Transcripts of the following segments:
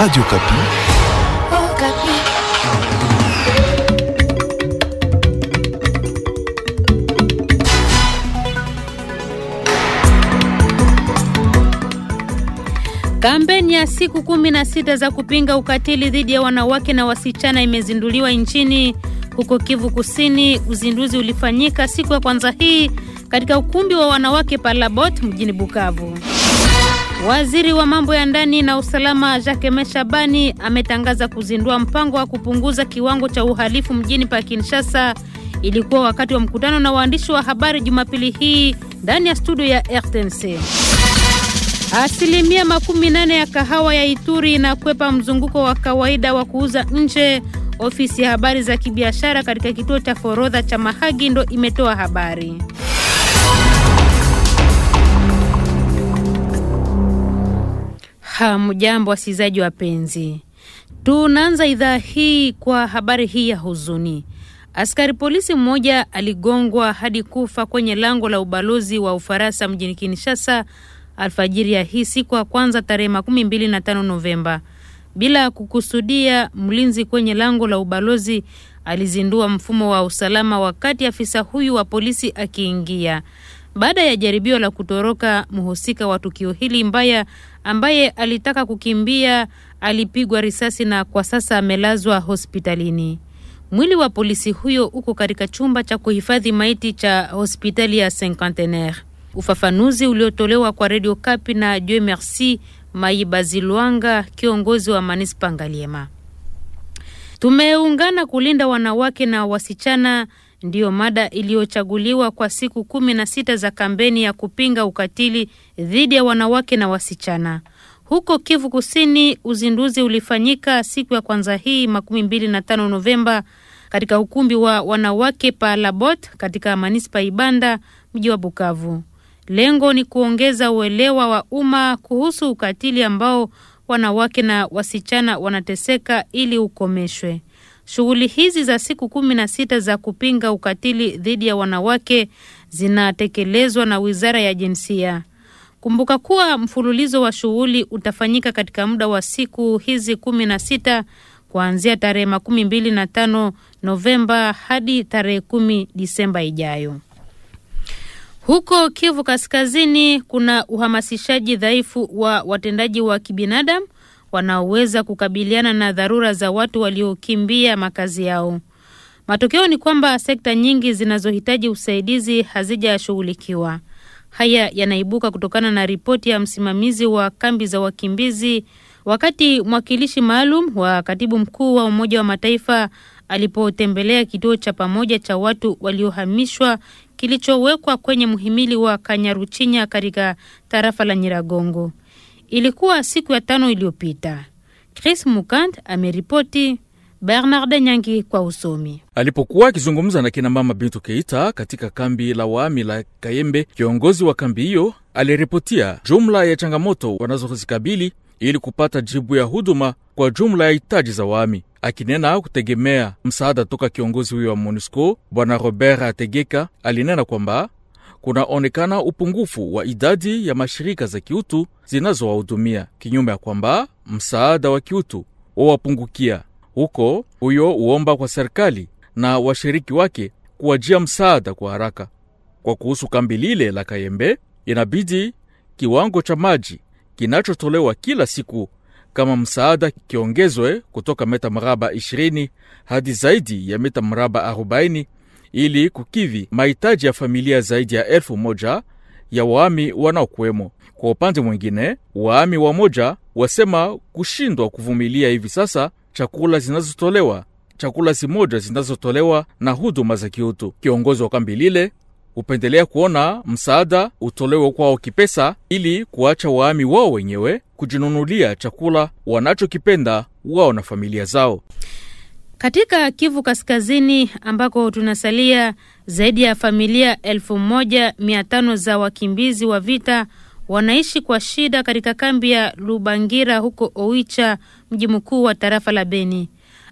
Radio Kapi. Oh, Kapi. Kampeni ya siku kumi na sita za kupinga ukatili dhidi ya wanawake na wasichana imezinduliwa nchini huko Kivu Kusini. Uzinduzi ulifanyika siku ya kwanza hii katika ukumbi wa wanawake Palabot mjini Bukavu. Waziri wa mambo ya ndani na usalama Jakeme Shabani ametangaza kuzindua mpango wa kupunguza kiwango cha uhalifu mjini pa Kinshasa. Ilikuwa wakati wa mkutano na waandishi wa habari Jumapili hii ndani ya studio ya RTNC. Asilimia makumi nane ya kahawa ya Ituri inakwepa mzunguko wa kawaida wa kuuza nje. Ofisi ya habari za kibiashara katika kituo cha forodha cha Mahagi ndo imetoa habari. Hamjambo wasikilizaji wapenzi, tunaanza idhaa hii kwa habari hii ya huzuni. Askari polisi mmoja aligongwa hadi kufa kwenye lango la ubalozi wa Ufaransa mjini Kinshasa alfajiri ya hii siku ya kwanza tarehe makumi mbili na tano Novemba. Bila kukusudia, mlinzi kwenye lango la ubalozi alizindua mfumo wa usalama wakati afisa huyu wa polisi akiingia. Baada ya jaribio la kutoroka, mhusika wa tukio hili mbaya ambaye alitaka kukimbia alipigwa risasi na kwa sasa amelazwa hospitalini. Mwili wa polisi huyo uko katika chumba cha kuhifadhi maiti cha hospitali ya Cinquantenaire. Ufafanuzi uliotolewa kwa Radio Kapi na Dieu Merci Maibazilwanga, kiongozi wa manispa Ngaliema. Tumeungana kulinda wanawake na wasichana ndiyo mada iliyochaguliwa kwa siku kumi na sita za kampeni ya kupinga ukatili dhidi ya wanawake na wasichana. Huko Kivu Kusini, uzinduzi ulifanyika siku ya kwanza hii makumi mbili na tano Novemba katika ukumbi wa wanawake Palabot katika manispa Ibanda, mji wa Bukavu. Lengo ni kuongeza uelewa wa umma kuhusu ukatili ambao wanawake na wasichana wanateseka ili ukomeshwe. Shughuli hizi za siku kumi na sita za kupinga ukatili dhidi ya wanawake zinatekelezwa na Wizara ya Jinsia. Kumbuka kuwa mfululizo wa shughuli utafanyika katika muda wa siku hizi kumi na sita kuanzia tarehe makumi mbili na tano Novemba hadi tarehe kumi Disemba ijayo. Huko Kivu Kaskazini kuna uhamasishaji dhaifu wa watendaji wa kibinadamu wanaoweza kukabiliana na dharura za watu waliokimbia makazi yao. Matokeo ni kwamba sekta nyingi zinazohitaji usaidizi hazijashughulikiwa. Haya yanaibuka kutokana na ripoti ya msimamizi wa kambi za wakimbizi wakati mwakilishi maalum wa katibu mkuu wa Umoja wa Mataifa alipotembelea kituo cha pamoja cha watu waliohamishwa kilichowekwa kwenye mhimili wa Kanyaruchinya katika tarafa la Nyiragongo. Ilikuwa siku ya tano iliyopita. Chris Mukand ameripoti. Bernard Nyangi kwa usomi. Alipokuwa akizungumza na kina mama Bintu Keita katika kambi la waami la Kayembe, kiongozi wa kambi hiyo aliripotia jumla ya changamoto wanazozikabili ili kupata jibu ya huduma kwa jumla ya hitaji za waami, akinena kutegemea msaada toka kiongozi huyo wa MONUSCO. Bwana Robert Ategeka alinena kwamba kunaonekana upungufu wa idadi ya mashirika za kiutu zinazowahudumia, kinyume ya kwamba msaada wa kiutu wawapungukia huko. Huyo huomba kwa serikali na washiriki wake kuwajia msaada kwa haraka. Kwa kuhusu kambi lile la Kayembe, inabidi kiwango cha maji kinachotolewa kila siku kama msaada kiongezwe kutoka meta mraba 20 hadi zaidi ya meta mraba ili kukivi mahitaji ya familia zaidi ya elfu moja ya waami wanaokuwemo. Kwa upande mwingine, waami wamoja wasema kushindwa kuvumilia hivi sasa chakula zinazotolewa chakula zimoja zinazotolewa na huduma za kiutu. Kiongozi wa kambi lile hupendelea kuona msaada utolewe kwao kipesa, ili kuacha waami wao wenyewe kujinunulia chakula wanachokipenda wao na familia zao. Katika Kivu Kaskazini ambako tunasalia, zaidi ya familia elfu moja mia tano za wakimbizi wa vita wanaishi kwa shida katika kambi ya Lubangira huko Oicha, mji mkuu wa tarafa la Beni.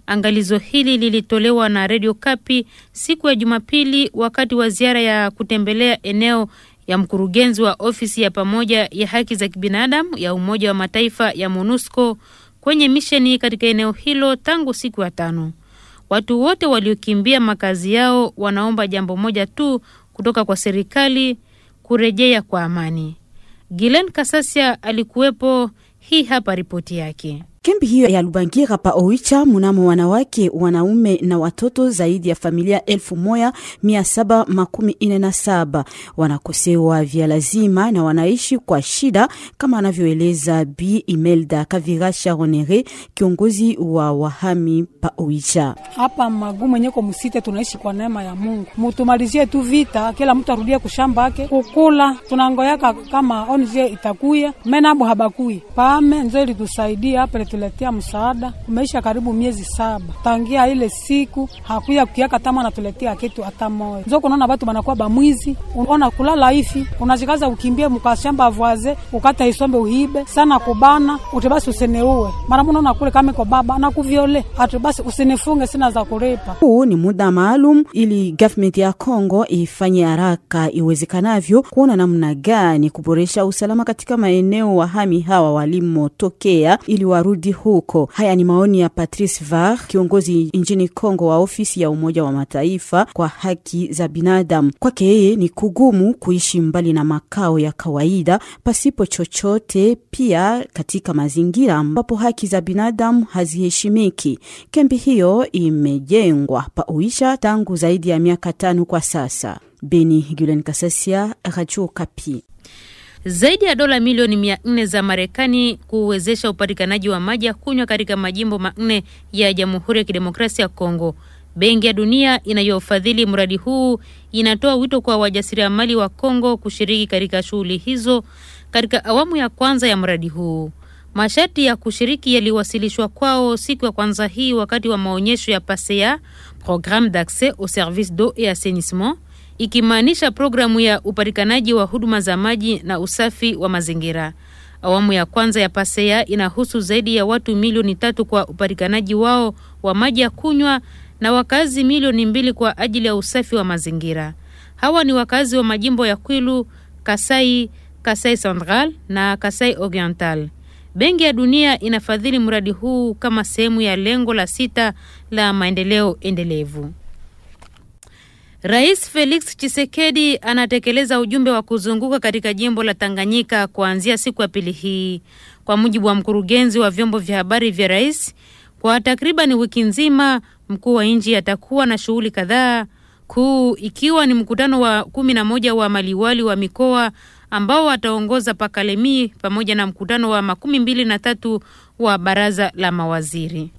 Angalizo hili lilitolewa na redio Kapi siku ya Jumapili wakati wa ziara ya kutembelea eneo ya mkurugenzi wa ofisi ya pamoja ya haki za kibinadamu ya Umoja wa Mataifa ya MONUSCO kwenye misheni katika eneo hilo tangu siku ya tano. Watu wote waliokimbia makazi yao wanaomba jambo moja tu kutoka kwa serikali, kurejea kwa amani. Gilen Kasasia alikuwepo. Hii hapa ripoti yake. Kambi hiyo ya Lubangira pa Oicha mnamo wanawake, wanaume na watoto zaidi ya familia elfu moja mia saba makumi ine na saba wanakosewa vya lazima na wanaishi kwa shida, kama anavyoeleza b Imelda Kavira Sharonere, kiongozi wa wahami pa Oicha. Hapa magumu yenye msite tunaishi kwa neema ya Mungu, mutumalizie tu vita, kila mtu arudie ake kukula, tunangoyaka kama onje itakuya menabo habakui pame nzo ilitusaidia anatuletea msaada. Umeisha karibu miezi saba tangia ile siku hakuya kukiaka tama anatuletea kitu hata moyo Nzo kunaona batu banakuwa bamwizi, unaona kulala hivi, unashikaza ukimbie mukashamba vwaze ukata isombe uhibe sana kubana uti useneue mara munaona kule kama iko baba na kuviole basi usinifunge sina za kulipa. Huu ni muda maalum ili government ya Kongo ifanye haraka iwezekanavyo kuona namna gani kuboresha usalama katika maeneo wahami hawa walimotokea ili warudi kurudi huko. Haya ni maoni ya Patrice Var, kiongozi nchini Kongo wa ofisi ya Umoja wa Mataifa kwa haki za binadamu. Kwake yeye ni kugumu kuishi mbali na makao ya kawaida pasipo chochote, pia katika mazingira ambapo haki za binadamu haziheshimiki. Kambi hiyo imejengwa pa Uisha tangu zaidi ya miaka tano kwa sasa. Beni Gulen Kasasia, Radio Kapi zaidi ya dola milioni mia nne za Marekani kuwezesha upatikanaji wa maji ya kunywa katika majimbo manne ya Jamhuri ya Kidemokrasia ya Kongo. Benki ya Dunia inayofadhili mradi huu inatoa wito kwa wajasiriamali wa Kongo kushiriki katika shughuli hizo katika awamu ya kwanza ya mradi huu. Masharti ya kushiriki yaliwasilishwa kwao siku ya kwanza hii wakati wa maonyesho ya Pasea, Programme d'accès au service d'eau et assainissement ikimaanisha programu ya upatikanaji wa huduma za maji na usafi wa mazingira. Awamu ya kwanza ya PASEA inahusu zaidi ya watu milioni tatu kwa upatikanaji wao wa maji ya kunywa na wakazi milioni mbili kwa ajili ya usafi wa mazingira. Hawa ni wakazi wa majimbo ya Kwilu, Kasai, Kasai Central na Kasai Oriental. Benki ya Dunia inafadhili mradi huu kama sehemu ya lengo la sita la maendeleo endelevu. Rais Felix chisekedi anatekeleza ujumbe wa kuzunguka katika jimbo la Tanganyika kuanzia siku ya pili hii, kwa mujibu wa mkurugenzi wa vyombo vya habari vya rais. Kwa takribani wiki nzima, mkuu wa nchi atakuwa na shughuli kadhaa kuu, ikiwa ni mkutano wa kumi na moja wa maliwali wa mikoa ambao wataongoza Pakalemi pamoja na mkutano wa makumi mbili na tatu wa baraza la mawaziri.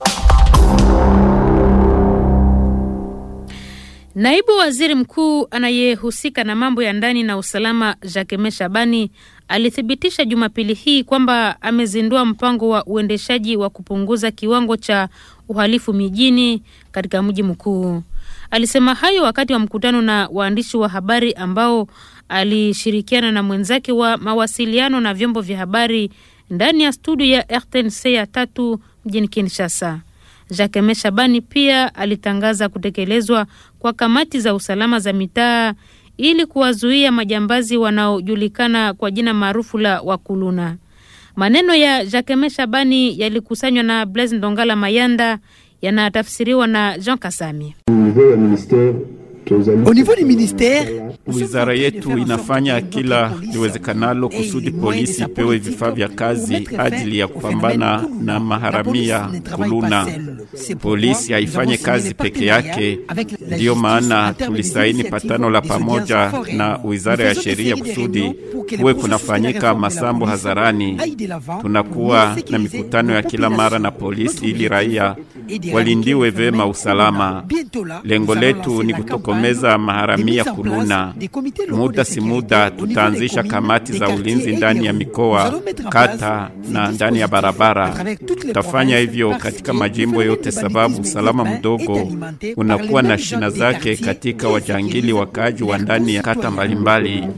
Naibu waziri mkuu anayehusika na mambo ya ndani na usalama Jakeme Shabani alithibitisha Jumapili hii kwamba amezindua mpango wa uendeshaji wa kupunguza kiwango cha uhalifu mijini katika mji mkuu. Alisema hayo wakati wa mkutano na waandishi wa habari ambao alishirikiana na mwenzake wa mawasiliano na vyombo vya habari ndani ya studio ya RTNC ya tatu mjini Kinshasa. Jacquemain Shabani pia alitangaza kutekelezwa kwa kamati za usalama za mitaa ili kuwazuia majambazi wanaojulikana kwa jina maarufu la wakuluna. Maneno ya Jacquemain Shabani yalikusanywa na Blaise Ndongala Mayanda yanatafsiriwa na Jean Kasami. Wizara yetu inafanya kila liwezekanalo kusudi polisi ipewe vifaa vya kazi ajili ya kupambana na maharamia kuluna. Polisi haifanye kazi peke yake, ndiyo maana tulisaini patano la pamoja na wizara ya sheria kusudi kuwe kunafanyika masambo hadharani. Tunakuwa na mikutano ya kila mara na polisi ili raia walindiwe vema usalama. Lengo letu ni kutoka kutokomeza maharamia kuluna. Muda si muda tutaanzisha kamati za ulinzi ndani ya mikoa, kata na ndani ya barabara. Tutafanya hivyo katika majimbo yote, sababu usalama mdogo unakuwa na shina zake katika wajangili wakaji wa ndani ya kata mbalimbali.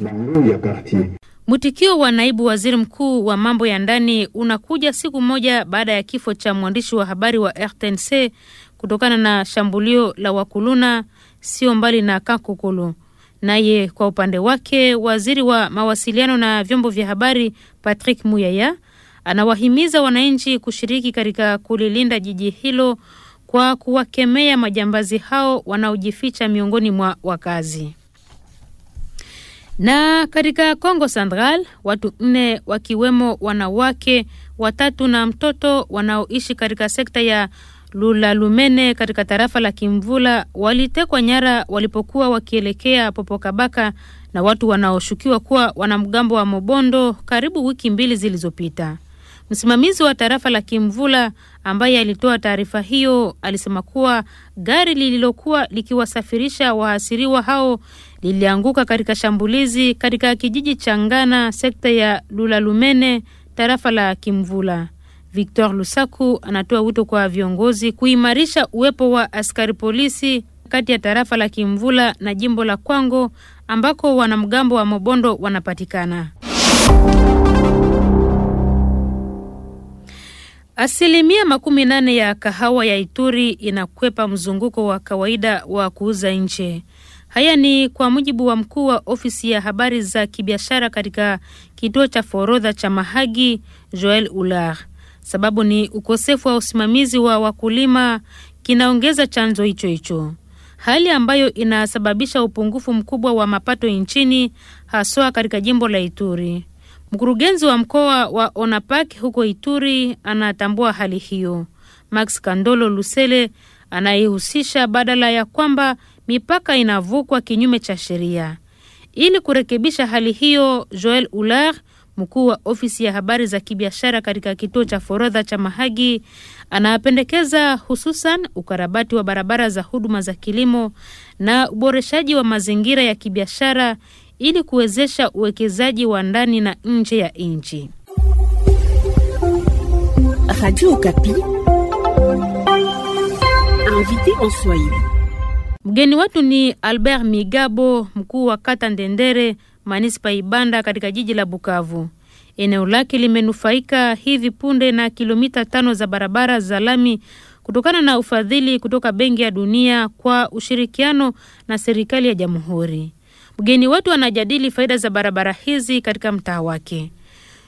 Mwitikio wa naibu waziri mkuu wa mambo ya ndani unakuja siku moja baada ya kifo cha mwandishi wa habari wa RTNC kutokana na shambulio la wakuluna sio mbali na Kakukulu. Naye kwa upande wake, waziri wa mawasiliano na vyombo vya habari Patrick Muyaya anawahimiza wananchi kushiriki katika kulilinda jiji hilo kwa kuwakemea majambazi hao wanaojificha miongoni mwa wakazi. Na katika congo Central watu nne wakiwemo wanawake watatu na mtoto wanaoishi katika sekta ya Lula Lumene katika tarafa la Kimvula walitekwa nyara walipokuwa wakielekea Popokabaka na watu wanaoshukiwa kuwa wanamgambo wa Mobondo karibu wiki mbili zilizopita. Msimamizi wa tarafa la Kimvula ambaye alitoa taarifa hiyo alisema kuwa gari lililokuwa likiwasafirisha waasiriwa hao lilianguka katika shambulizi katika kijiji cha Ngana, sekta ya Lulalumene, tarafa la Kimvula. Victor Lusaku anatoa wito kwa viongozi kuimarisha uwepo wa askari polisi kati ya tarafa la Kimvula na jimbo la Kwango ambako wanamgambo wa Mobondo wanapatikana. Asilimia makumi nane ya kahawa ya Ituri inakwepa mzunguko wa kawaida wa kuuza nje. Haya ni kwa mujibu wa mkuu wa ofisi ya habari za kibiashara katika kituo cha forodha cha Mahagi, Joel Ular sababu ni ukosefu wa usimamizi wa wakulima, kinaongeza chanzo hicho hicho, hali ambayo inasababisha upungufu mkubwa wa mapato nchini, haswa katika jimbo la Ituri. Mkurugenzi wa mkoa wa ONAPAK huko Ituri anatambua hali hiyo. Max Kandolo Lusele anayehusisha badala ya kwamba mipaka inavukwa kinyume cha sheria. Ili kurekebisha hali hiyo, Joel Ular Mkuu wa ofisi ya habari za kibiashara katika kituo cha forodha cha Mahagi anapendekeza hususan ukarabati wa barabara za huduma za kilimo na uboreshaji wa mazingira ya kibiashara ili kuwezesha uwekezaji wa ndani na nje ya nchi. Mgeni wetu ni Albert Migabo, mkuu wa kata Ndendere manispa Ibanda katika jiji la Bukavu. Eneo lake limenufaika hivi punde na kilomita tano za barabara za lami kutokana na ufadhili kutoka Benki ya Dunia kwa ushirikiano na serikali ya Jamhuri. Mgeni wetu anajadili faida za barabara hizi katika mtaa wake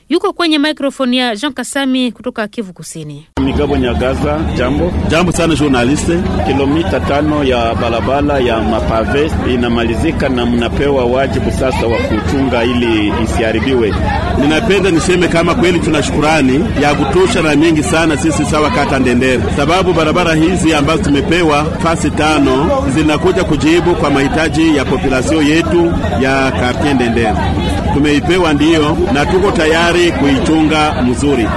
yuko kwenye mikrofoni ya Jean Kasami kutoka Kivu Kusini. Migabo Nyagaza, jambo jambo sana journaliste. Kilomita tano ya barabara ya mapave inamalizika na mnapewa wajibu sasa wa kuchunga ili isiharibiwe. Ninapenda niseme kama kweli tuna shukurani ya kutosha na mingi sana sisi sawa kata Ndendere, sababu barabara hizi ambazo tumepewa fasi tano zinakuja kujibu kwa mahitaji ya populasio yetu ya kartie Ndendere. Tumeipewa ndiyo na tuko tayari vizuri, kuichunga mzuri,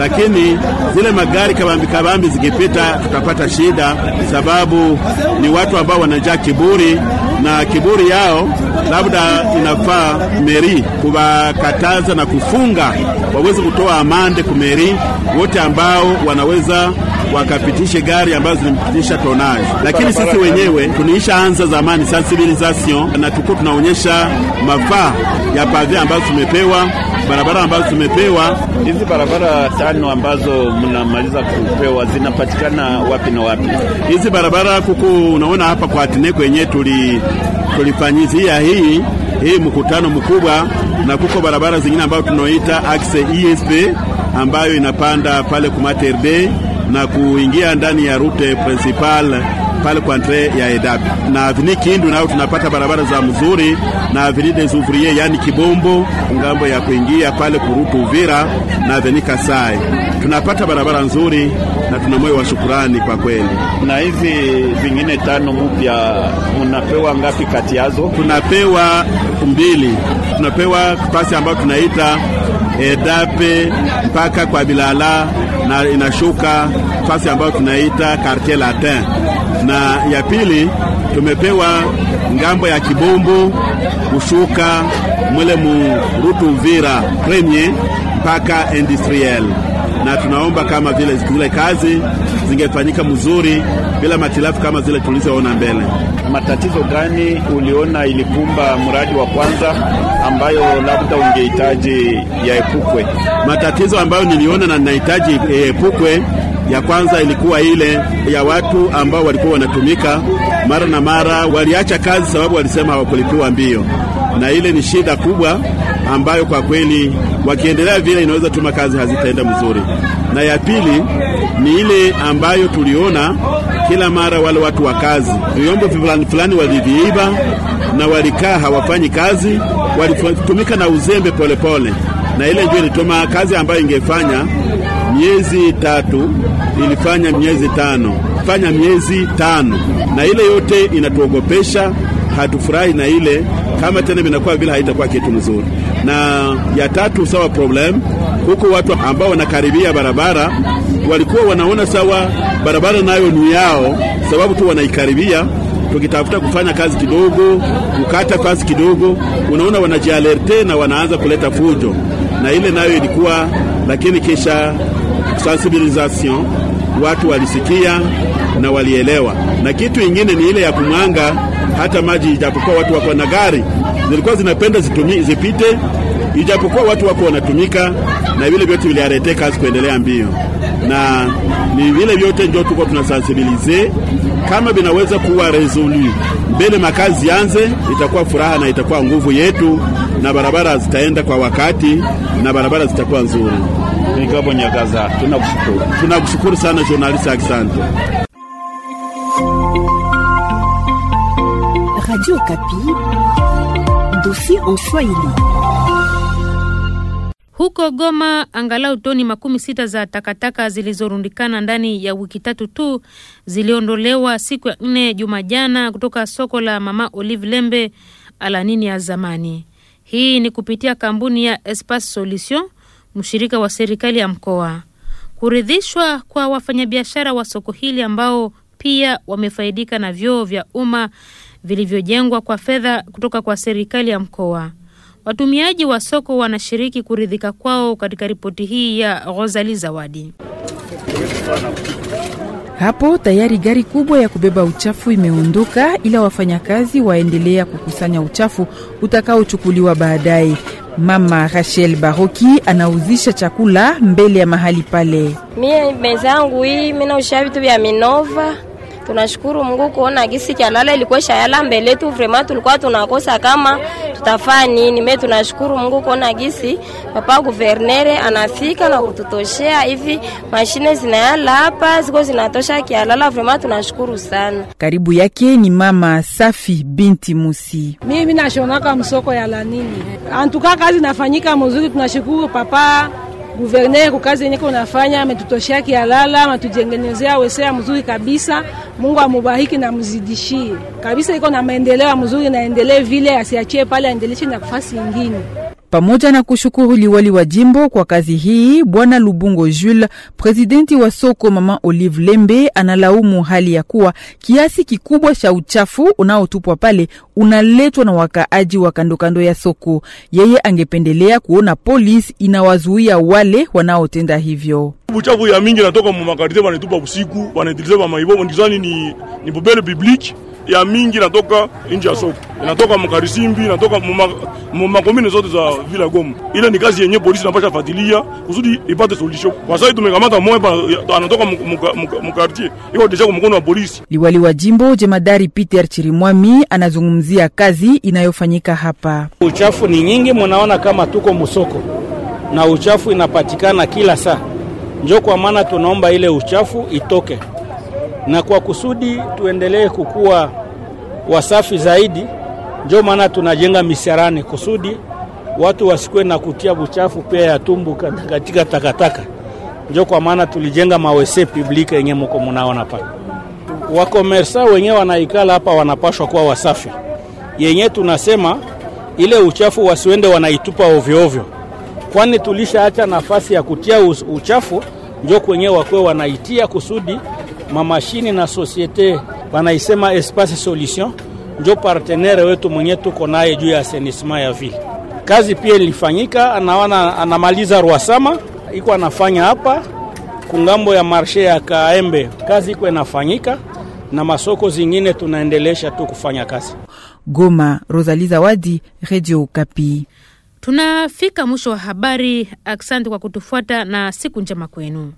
lakini zile magari kabambi kabambi zikipita tutapata shida, sababu ni watu ambao wanajaa kiburi na kiburi yao labda inafaa meri kuwakataza na kufunga waweze kutoa amande kumeri wote ambao wanaweza wakapitishe gari ambazo zilimpitisha tonaje, lakini sisi wenyewe tuniisha anza zamani sa civilisation, na tuko tunaonyesha mafaa ya pave ambazo tumepewa barabara ambazo tumepewa. Hizi barabara tano ambazo mnamaliza kupewa zinapatikana wapi na wapi? Hizi barabara kuku, unaona hapa kwa atine kwenye tuli tulifanyizia hii hii mkutano mkubwa, na kuko barabara zingine ambayo tunaoita axe ESP ambayo inapanda pale ku na kuingia ndani ya rute principal pale kwa entre ya Edabi na avini Kindu, nao tunapata barabara za mzuri na avini des ouvriers, yani Kibombo, ngambo ya kuingia pale kurutu Uvira na avini Kasai, tunapata barabara nzuri na tuna moyo wa shukurani kwa kweli. Na hizi vingine tano mpya munapewa ngapi kati yazo? Tunapewa mbili, tunapewa pasi ambayo tunaita Edape mpaka kwa Bilala na inashuka fasi ambayo tunaita Quartier Latin, na ya pili tumepewa ngambo ya Kibumbu kushuka mwele murutu vira premier mpaka industriel, na tunaomba kama vile zile kazi zingefanyika mzuri bila matilafu kama zile tulizoona mbele. Matatizo gani uliona ilikumba mradi wa kwanza ambayo labda ungehitaji yaepukwe? Matatizo ambayo niliona na ninahitaji yaepukwe ya kwanza ilikuwa ile ya watu ambao walikuwa wanatumika mara na mara, waliacha kazi sababu walisema hawakulipiwa mbio, na ile ni shida kubwa ambayo kwa kweli Wakiendelea vile, inaweza tuma kazi hazitaenda mzuri. Na ya pili ni ile ambayo tuliona kila mara, wale watu wa kazi, vyombo fulani fulani waliviiba na walikaa hawafanyi kazi, walitumika na uzembe polepole pole. Na ile ndio ilituma kazi ambayo ingefanya miezi tatu ilifanya miezi tano fanya miezi tano, na ile yote inatuogopesha, hatufurahi na ile kama tena vinakuwa vile, haitakuwa kitu mzuri na ya tatu sawa problem huko, watu ambao wanakaribia barabara walikuwa wanaona sawa barabara nayo ni yao, sababu tu wanaikaribia tukitafuta kufanya kazi kidogo, kukata kazi kidogo, unaona wanajialerte na wanaanza kuleta fujo, na ile nayo ilikuwa lakini, kisha sensibilisation watu walisikia na walielewa. Na kitu ingine ni ile ya kumwanga hata maji, ijapokuwa watu wako na gari, zilikuwa zinapenda zitumie zipite, ijapokuwa watu wako wanatumika na vile vyote viliarete kazi kuendelea mbio, na ni vile vyote ndio tuko tunasensibilize kama vinaweza kuwa resolu mbele makazi yanze, itakuwa furaha na itakuwa nguvu yetu, na barabara zitaenda kwa wakati na barabara zitakuwa nzuri. Igabo Nyagaza, tunakushukuru, tunakushukuru sana journalist, asante. Radio Kapi Dosi en Swahili. Huko Goma, angalau toni makumi sita za takataka zilizorundikana ndani ya wiki tatu tu ziliondolewa siku ya nne Jumajana kutoka soko la Mama Olive Lembe Alanini ya zamani. Hii ni kupitia kampuni ya Espace Solution, mshirika wa serikali ya mkoa. Kuridhishwa kwa wafanyabiashara wa soko hili ambao pia wamefaidika na vyoo vya umma vilivyojengwa kwa fedha kutoka kwa serikali ya mkoa. Watumiaji wa soko wanashiriki kuridhika kwao katika ripoti hii ya Rosali Zawadi. Hapo tayari gari kubwa ya kubeba uchafu imeondoka, ila wafanyakazi waendelea kukusanya uchafu utakaochukuliwa baadaye. Mama Rachel Baroki anauzisha chakula mbele ya mahali pale. Mie meza yangu hii minausha vitu vya Minova Tunashukuru Mungu kuona gisi kyalala ilikuwa shayala mbele tu, vraiment tulikuwa tunakosa kama tutafaa nini. Me tunashukuru Mungu kuona gisi papa guvernere anafika na kututoshea hivi, mashine zinayala hapa ziko zinatosha kialala vraiment tunashukuru sana. Karibu yake ni mama Safi binti Musi. Mimi nashonaka msoko ya lanini, antuka kazi nafanyika mzuri, tunashukuru papa Guverner kukazi yenye nafanya ametutoshea kialala, ametujengenezea wesea mzuri kabisa. Mungu amubariki na mzidishie kabisa, iko na maendeleo mzuri, naendelee vile, asiachie pale, aendeleshe na kufasi ingine. Pamoja na kushukuru liwali wa jimbo kwa kazi hii, bwana Lubungo Jules, presidenti wa soko mama Olive Lembe, analaumu hali ya kuwa kiasi kikubwa cha uchafu unaotupwa pale unaletwa na wakaaji wa kandokando ya soko. Yeye angependelea kuona polisi inawazuia wale wanaotenda hivyo. Uchafu ya mingi natoka mumakarite, wanatupa usiku, wanaitiliza vamaivo, ndizani ni, ni bobele bibliki ya mingi inatoka nje ya soko, inatoka mkarisimbi, inatoka mumakomine zote za vila Goma. Ile ni kazi yenye polisi napasha fatilia kusudi ipate solution. Kwa sasa tumekamata pa anatoka mkartie, iko deja mkono wa polisi. Liwali wa jimbo jemadari Peter Chirimwami anazungumzia kazi inayofanyika hapa. Uchafu ni nyingi, munaona kama tuko musoko na uchafu inapatikana kila saa, njo kwa maana tunaomba ile uchafu itoke na kwa kusudi tuendelee kukuwa wasafi zaidi, ndio maana tunajenga misarani kusudi watu wasikuwe na kutia buchafu pia ya tumbu katika takataka. Ndio kwa maana tulijenga mawese publike yenye mko munaona pale. Wakomersa wenyewe wanaikala hapa wanapashwa kuwa wasafi, yenye tunasema ile uchafu wasiende wanaitupa ovyo ovyo, kwani tulishaacha nafasi ya kutia uchafu, njo kwenyewe wakuwe wanaitia kusudi mamashini na sosiete wanaisema Espace Solution njo partenere wetu mwenye tuko naye juu ya assainissement ya vile. Kazi pia ilifanyika, anaona anamaliza Rwasama iko anafanya hapa kungambo ya marshe ya Kaembe, kazi iko inafanyika na masoko zingine tunaendelesha tu kufanya kazi. Goma, Rosalie Zawadi, Radio Kapi. Tunafika mwisho wa habari. Asante kwa kutufuata na siku njema kwenu.